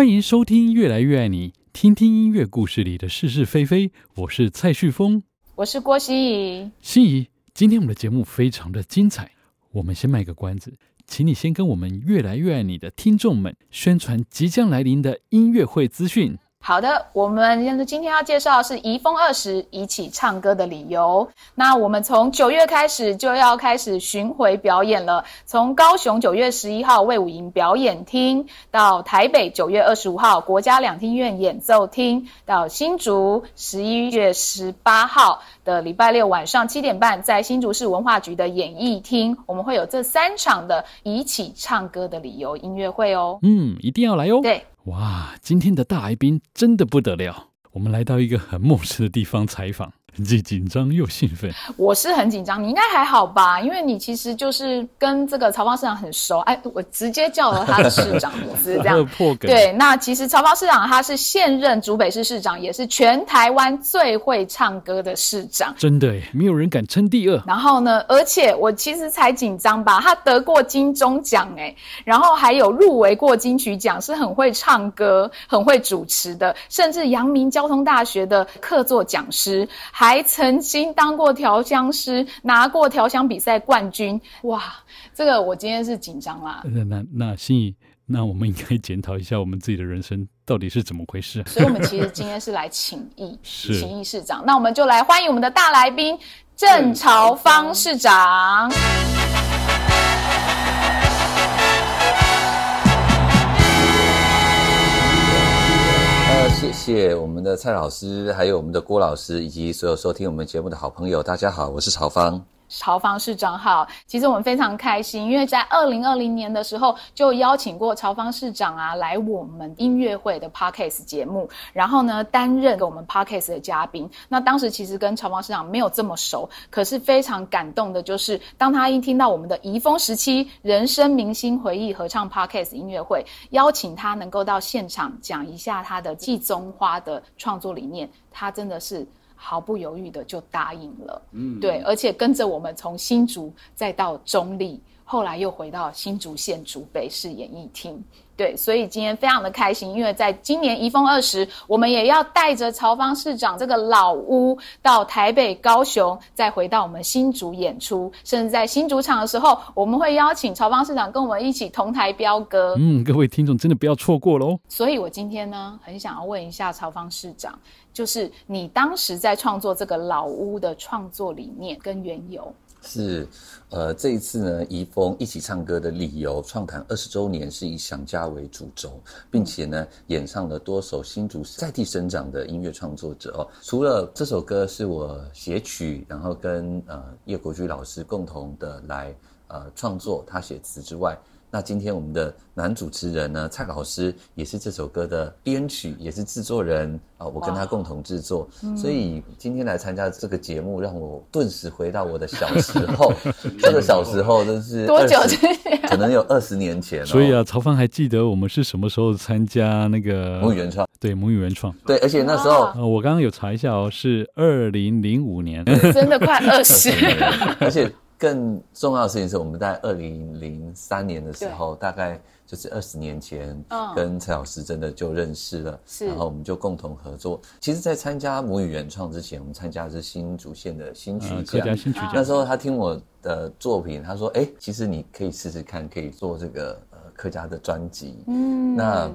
歡迎收聽《樂來越愛你》，聽聽音樂故事裡的是是非非。我是蔡旭峰。我是郭心怡。心怡，今天我們的節目非常的精彩。我們先賣個關子，請你先跟我們《樂來越愛你》的聽眾們宣傳即將來臨的音樂會資訊。好的，我們今天要介紹的是《移風二十》《一起唱歌的理由》。那我們從九月開始就要開始巡迴表演了，從高雄九月十一號衛武營表演廳到台北九月二十五號國家兩廳院演奏廳，到新竹十一月十八號的禮拜六晚上七點半在新竹市文化局的演藝廳，我們會有這三場的《一起唱歌的理由》音樂會哦。嗯，一定要來哦。對。哇，今天的大來賓真的不得了！我們來到一個很陌生的地方採訪。既緊張又興奮，我是很緊張，你應該還好吧？因為你其實就是跟這個朝方市長很熟，哎，我直接叫了他的市長， 是這樣。 對，那其實朝方市長他是現任竹北市市長，也是全台灣最會唱歌的市長，真的，欸，沒有人敢稱第二。然後呢，而且我其實才緊張吧，他得過金鐘獎，哎，然後還有入圍過金曲獎，是很會唱歌，很會主持的，甚至陽明交通大學的客座講師，還還曾經當過調香師，拿過調香比賽冠軍。哇，這個我今天是緊張啦。那那那心怡，那我們應該檢討一下我們自己的人生到底是怎麼回事啊。所以我們其實今天是來請益， 請益市長。那我們就來歡迎我們的大來賓鄭朝方市長。謝謝我們的蔡老師，還有我們的郭老師，以及所有收聽我們節目的好朋友。大家好，我是朝方。朝方市長好，其實我們非常開心，因為在二零二零年的時候就邀請過朝方市長啊來我們音樂會的 Podcast 節目，然後呢擔任我們 Podcast 的嘉賓。那當時其實跟朝方市長沒有這麼熟，可是非常感動的就是，當他一聽到我們的移風時期人生明星回憶合唱 Podcast 音樂會，邀請他能夠到現場講一下他的《季中花》的創作理念，他真的是。毫不猶豫的就答應了，嗯，對，而且跟着我們從新竹再到中壢，後來又回到新竹縣竹北市演藝廳。對，所以今天非常的開心，因為在今年移風二十，我們也要帶着朝方市長這個老屋到台北、高雄，再回到我們新竹演出，甚至在新竹場的時候，我們會邀請朝方市長跟我們一起同台飆歌。嗯，各位聽眾真的不要錯過嘍。所以，我今天呢，很想要問一下朝方市長，就是你當時在創作這個老屋的創作理念跟緣由是。呃，這一次呢，移風一起唱歌的理由，創團二十周年是以想家為主軸，並且呢，演唱了多首新竹在地生長的音樂創作者哦。除了這首歌是我寫曲，然後跟呃葉國瑜老師共同的來、呃、創作，他寫詞之外，那今天我們的男主持人呢蔡老師也是這首歌的編曲，也是制作人啊、呃，我跟他共同制作、嗯。所以今天來參加這個節目，讓我頓時回到我的小時候， 這個小時候真是 20, 多久可能有二十年前、哦，所以啊，朝方還記得我們是什麼時候參加那個母語原創？對，母語原創。對，而且那時候，哦呃、我剛剛有查一下，哦，是二零零五年，真的快二十， 而且。更重要的事情是，我們在二零零三年的時候，大概就是二十年前，跟蔡老師，真的就認識了，oh. 然後我們就共同合作。其實，在參加母語原創之前，我們參加的是新竹縣的新曲、嗯、新曲獎，那時候他聽我的作品，oh. 他說：“哎、欸，其實你可以試試看，可以做這個呃客家的專輯。”嗯，那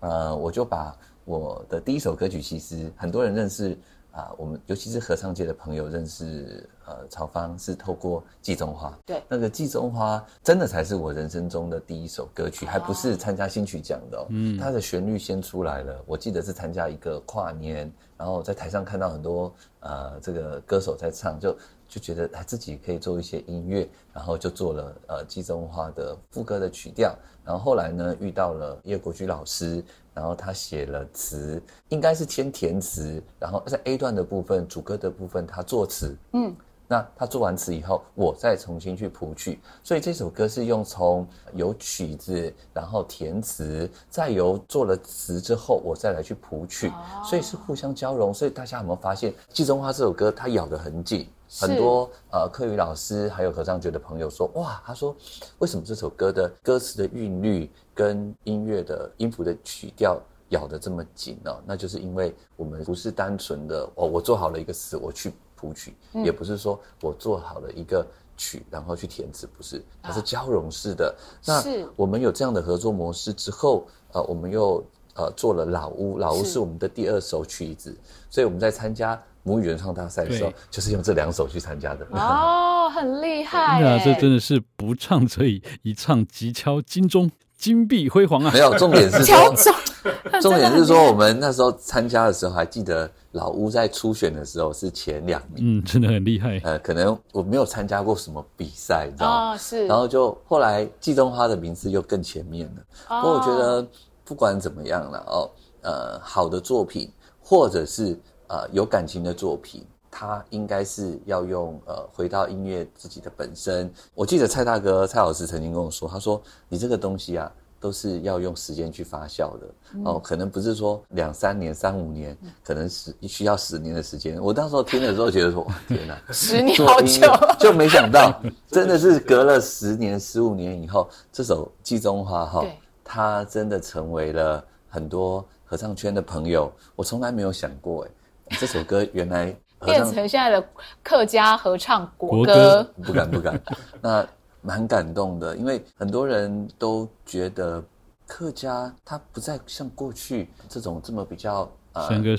呃，我就把我的第一首歌曲，其實很多人認識。啊，我們尤其是合唱界的朋友認識呃，朝方是透過《季中花》。對，那個《季中花》真的才是我人生中的第一首歌曲，哦，還不是參加新曲獎的，哦。嗯，它的旋律先出來了，我記得是參加一個跨年，然後在台上看到很多呃，這個歌手在唱就。就覺得他自己可以做一些音樂，然後就做了呃《季中花》的副歌的曲調，然後後來呢遇到了葉國居老師，然後他寫了詞，應該是簽填詞，然後在 A 段的部分，主歌的部分他作詞，嗯。那他做完詞以後，我再重新去譜曲，所以這首歌是用從有曲子，然後填詞，再由做了詞之後，我再來去譜曲，所以是互相交融。所以大家有沒有發現《季中花》這首歌它咬得很緊，很多呃客語老師還有合唱團的朋友說，哇，他說為什麼這首歌的歌詞的韻律跟音樂的音符的曲調咬得這麼緊呢？那就是因為我們不是單純的哦，我做好了一個詞，我去，譜曲也不是說我做好了一個曲，然後去填詞，不是，它是交融式的、啊。那我們有這樣的合作模式之後，呃，我們又呃做了《老屋》，《老屋》，《老屋》是我們的第二首曲子，所以我們在參加母語原創大賽的時候，就是用這兩首去參加的、嗯。哦，很厲害、欸！那這真的是不唱則已，一唱即敲金鐘，金碧輝煌啊！沒有，重點是敲 是， 重點是說我們那時候參加的時候，還記得。老屋在初選的時候是前兩名，嗯，真的很厲害。呃，可能我沒有參加過什麼比賽，你知道嗎、哦？是。然後就後來季中花的名字又更前面了。不、哦、過我覺得不管怎麼樣了哦，呃，好的作品或者是呃有感情的作品，他應該是要用呃回到音樂自己的本身。我記得蔡大哥蔡老師曾經跟我說，他說：“你這個東西啊。”都是要用時間去發酵的，嗯、哦，可能不是說兩三年，三五年，嗯，可能是需要十年的時間。我當時候聽的時候覺得說，哇，天哪，啊，十年好久， 就沒想到， 真的是隔了十年，十 五年以後，這首《季中花》哈，它真的成為了很多合唱圈的朋友。我從來沒有想過，哎，這首歌原來變 成現在的客家合唱國歌，國歌不敢不敢。 那。蠻感動的，因為很多人都覺得客家它不再像過去這種這麼比較山歌、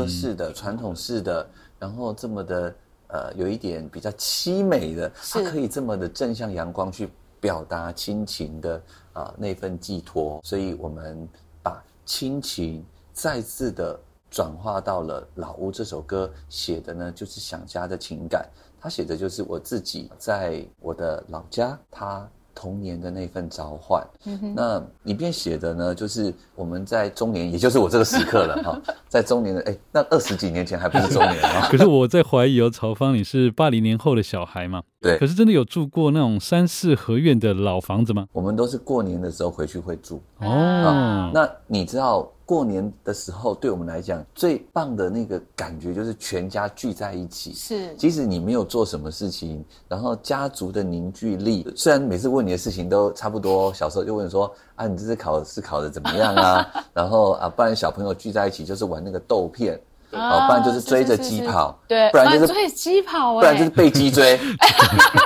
呃、式的、傳、嗯、統式的，然後這麼的呃有一點比較淒美的是，它可以這麼的正向陽光去表達親情的啊、呃、那份寄托，所以我們把親情再次的轉化到了《老屋》這首歌寫的呢，就是想家的情感。他寫的就是我自己在我的老家，他童年的那份召喚、嗯。那裡面寫的呢，就是我們在中年，也就是我這個時刻了哈。 在中年的哎、欸，那二十幾年前還不是中年嘛？ 可是我在懷疑哦，朝方，你是八零年後的小孩嗎？對， 可是真的有住過那種三四合院的老房子嗎？我們都是過年的時候回去會住。哦，啊、那你知道？過年的時候，對我們來講最棒的那個感覺就是全家聚在一起。是，即使你沒有做什麼事情，然後家族的凝聚力，雖然每次問你的事情都差不多，小時候就問說：“啊，你這次考試考得怎麼樣啊？”然後啊，不然小朋友聚在一起就是玩那個豆片，啊，不然就是追着雞跑，對，不然就是追雞跑，不然就是被雞追，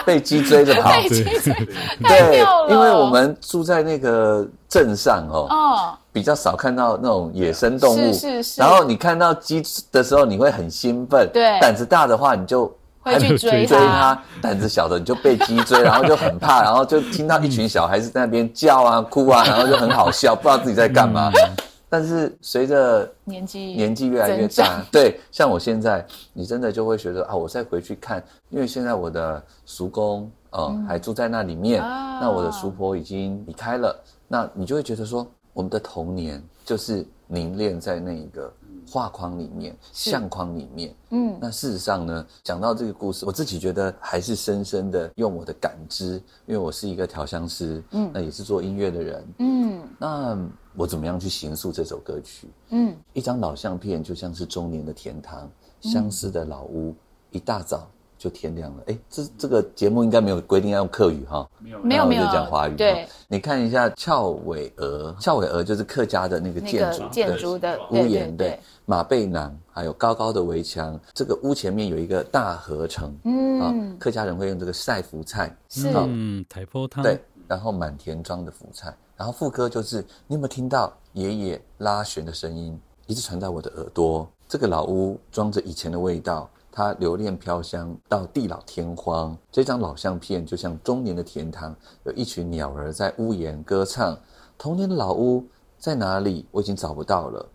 被雞追着跑，對，因為我們住在那個鎮上哦。比較少看到那種野生動物，是是是，然後你看到雞的時候，你會很興奮。對，膽子大的話，你就會去追追它；膽子小的，你就被雞追， 然後就很怕。然後就聽到一群小孩子在那邊叫啊、 哭啊，然後就很好笑， 不知道自己在幹嘛。 但是隨着年紀年紀越來越大，對，像我現在，你真的就會覺得啊，我再回去看，因為現在我的叔公、呃、嗯還住在那裡面，啊、那我的叔婆已經離開了，那你就會覺得說。我們的童年就是凝練在那個畫框裡面，相框裡面。嗯，那事實上呢，講到這個故事，我自己覺得還是深深的用我的感知，因為我是一個調香師，嗯，那也是做音樂的人，嗯，那我怎麼樣去形塑這首歌曲？嗯，一張老相片就像是中年的天堂，相思的老屋，一大早。.就天亮了，哎，這這個節目應該沒有規定要用客語哈，沒有，沒有，就講華語。對，哦，你看一下翹尾鵝，翹尾鵝就是客家的那個建築，那個建築的屋檐的，對，對，對，對，馬背南，還有高高的圍牆，這個屋前面有一個大禾埕，嗯，啊、客家人會用這個曬福菜，是，嗯，台坡湯，對，然後滿田莊的福菜，然後副歌就是，你有沒有聽到爺爺拉弦的聲音，一直傳在我的耳朵，這個老屋裝着以前的味道。他留戀飄香到地老天荒，這張老相片就像中年的天堂，有一群鳥兒在屋檐歌唱。童年的老屋在哪裡？我已經找不到了。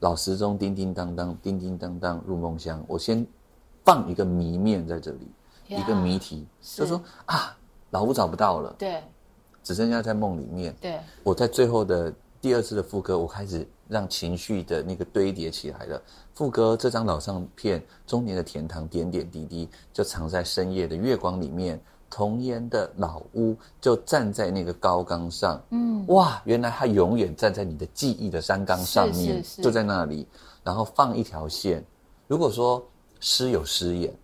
老時鐘叮叮當當，叮叮當當，當入夢鄉。我先放一個謎面在這裡，yeah, 一個謎題，是就說啊，老屋找不到了。對，只剩下在夢裡面。對，我在最後的第二次的副歌，我開始。讓情緒的那個堆疊起來了。副歌這張老唱片，中年的甜糖，點點滴滴就藏在深夜的月光裡面。童年的老屋，就站在那個高崗上。嗯，哇，原來它永遠站在你的記憶的山崗上面，是是是是就在那裡。然後放一條線。如果說詩有詩眼，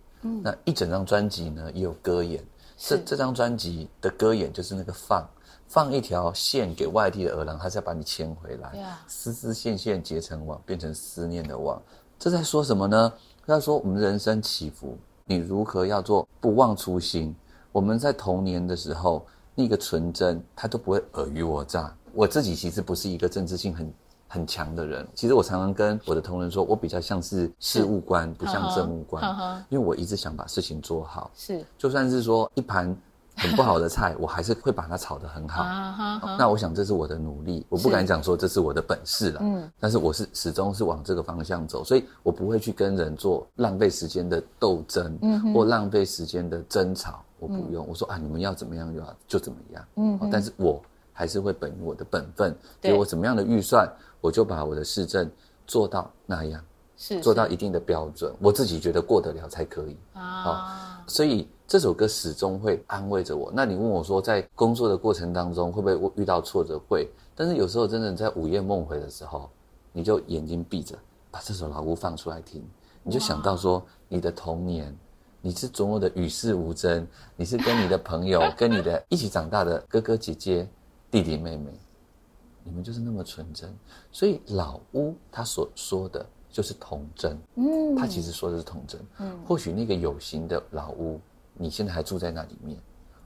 那一整張專輯呢，也有歌眼。這這張專輯的歌眼就是那個放，放一條線給外地的兒郎，他是要把你牽回來，yeah. 絲絲線線結成網，變成思念的網，這在說什麼呢？要說我們人生起伏，你如何要做不忘初心？我們在童年的時候，那個純真，他都不會爾虞我詐。我自己其實不是一個政治性很很強的人，其實我常常跟我的同仁說，我比較像是事務官，不像政務官好好，因為我一直想把事情做好。是，就算是說一盤很不好的菜， 我還是會把它炒得很好， 好。那我想這是我的努力，我不敢講說這是我的本事了。嗯，但是我是始終是往這個方向走，嗯，所以我不會去跟人做浪費時間的鬥爭，嗯，或浪費時間的爭吵，我不用。嗯、我說啊，你們要怎麼樣就好就怎麼樣。嗯、哦，但是我還是會本於我的本分，給我怎麼樣的預算。我就把我的市政做到那樣，是，是做到一定的標準，我自己覺得過得了才可以。啊、哦、所以這首歌始終會安慰着我。那你問我說，在工作的過程當中，會不會遇到挫折？會。但是有時候真的在午夜夢回的時候，你就眼睛閉着，把這首《老屋》放出來聽，你就想到說，你的童年，你是多麼的與世無爭，你是跟你的朋友， 跟你的一起長大的哥哥姐姐、弟弟妹妹。你們就是那麼純真，所以老屋他所說的就是童真，嗯，他其實說的是童真，嗯，或許那個有形的老屋你現在還住在那裡面，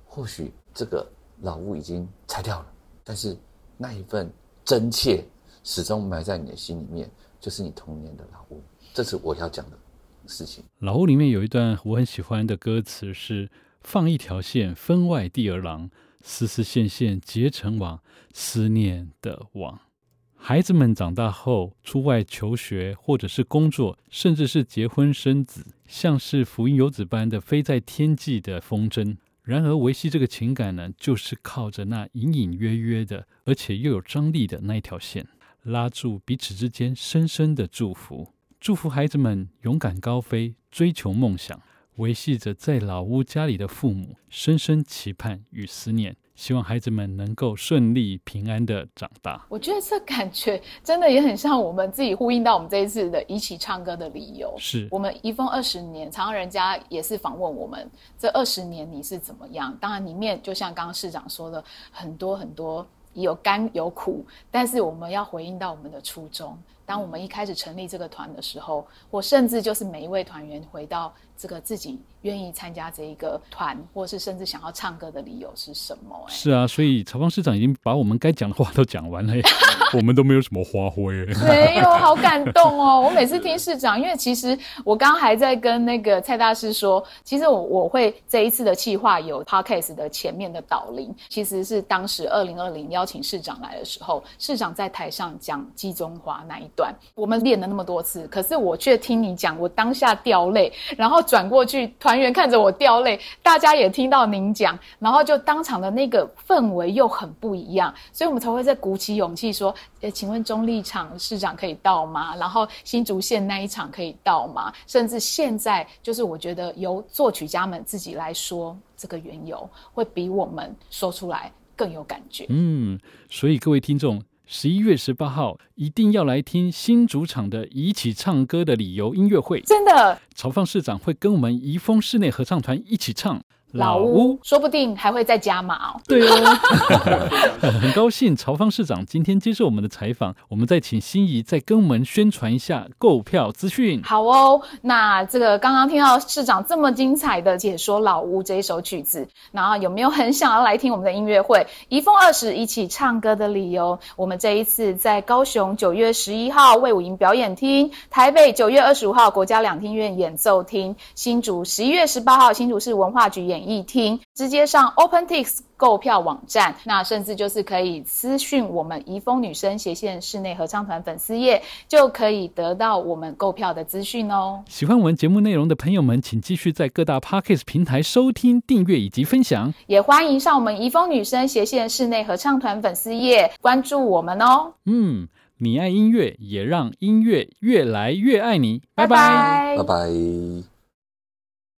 或許這個老屋已經拆掉了，但是那一份真切始終埋在你的心裡面，就是你童年的老屋，這是我要講的事情，嗯。老屋裡面有一段我很喜歡的歌詞是：放一條線，分外地兒郎。絲絲線線結成網，思念的網。孩子們長大後出外求學，或者是工作，甚至是結婚生子，像是浮雲游子般的飛在天際的風箏。然而維繫這個情感呢，就是靠着那隱隱約約的，而且又有張力的那一條線，拉住彼此之間深深的祝福，祝福孩子們勇敢高飛，追求夢想。維繫着在老屋家裡的父母，深深期盼與思念，希望孩子們能夠順利平安地長大。我覺得這感覺真的也很像我們自己呼應到我們這一次的一起唱歌的理由。是我們已逢二十年，常常人家也是訪問我們，這二十年你是怎麼樣？當然裡面就像剛剛市長說的，很多很多有甘有苦，但是我們要回應到我們的初衷。當我們一開始成立這個團的時候，我甚至就是每一位團員回到。這個自己願意參加這一個團，或是甚至想要唱歌的理由是什麼、欸？是啊，所以朝方市長已經把我們該講的話都講完了、 哎，我們都沒有什麼發揮。沒 有，好感動哦！ 我每次聽市長，因為其實我剛,剛還在跟那個蔡大師說，其實我我會這一次的計劃有 podcast 的前面的導聆，其實是當時二零二零邀請市長來的時候，市長在台上講季中華那一段，我們練了那麼多次，可是我卻聽你講，我當下掉淚，然後。轉過去，團員看着我掉淚，大家也聽到您講，然後就當場的那個氛圍又很不一樣，所以我們才會再鼓起勇氣說：“呃、欸，請問中壢場市長可以到嗎？然後新竹縣那一場可以到嗎？甚至現在，就是我覺得由作曲家們自己來說這個緣由，會比我們說出來更有感覺。嗯，所以各位聽眾。十一月十八號，一定要來聽新主場的《一起唱歌的理由》音樂會。真的，朝方市長會跟我們宜豐室內合唱團一起唱。老屋，說不定還會再加碼哦。對哦， 很高興朝方市長今天接受我們的採訪，我們再請心怡再跟我們宣傳一下購票資訊。好哦，那這個剛剛聽到市長這麼精彩的解說《老屋》這一首曲子，然後有沒有很想要來聽我們的音樂會？怡風二十一起唱歌的理由。我們這一次在高雄九月十一號衛武營表演廳，台北九月二十五號國家兩廳院演奏廳，新竹十一月十八號新竹市文化局演。一聽直接上 OpenTix 購票網站，那甚至就是可以私訊我們移風女生斜線室內合唱團粉絲頁，就可以得到我們購票的資訊哦。喜歡我們節目內容的朋友們，請繼續在各大 Podcast 平台收聽、訂閱以及分享，也歡迎上我們移風女生斜線室內合唱團粉絲頁關注我們哦。嗯，你愛音樂，也讓音樂越來越愛你。拜拜，拜拜。拜拜。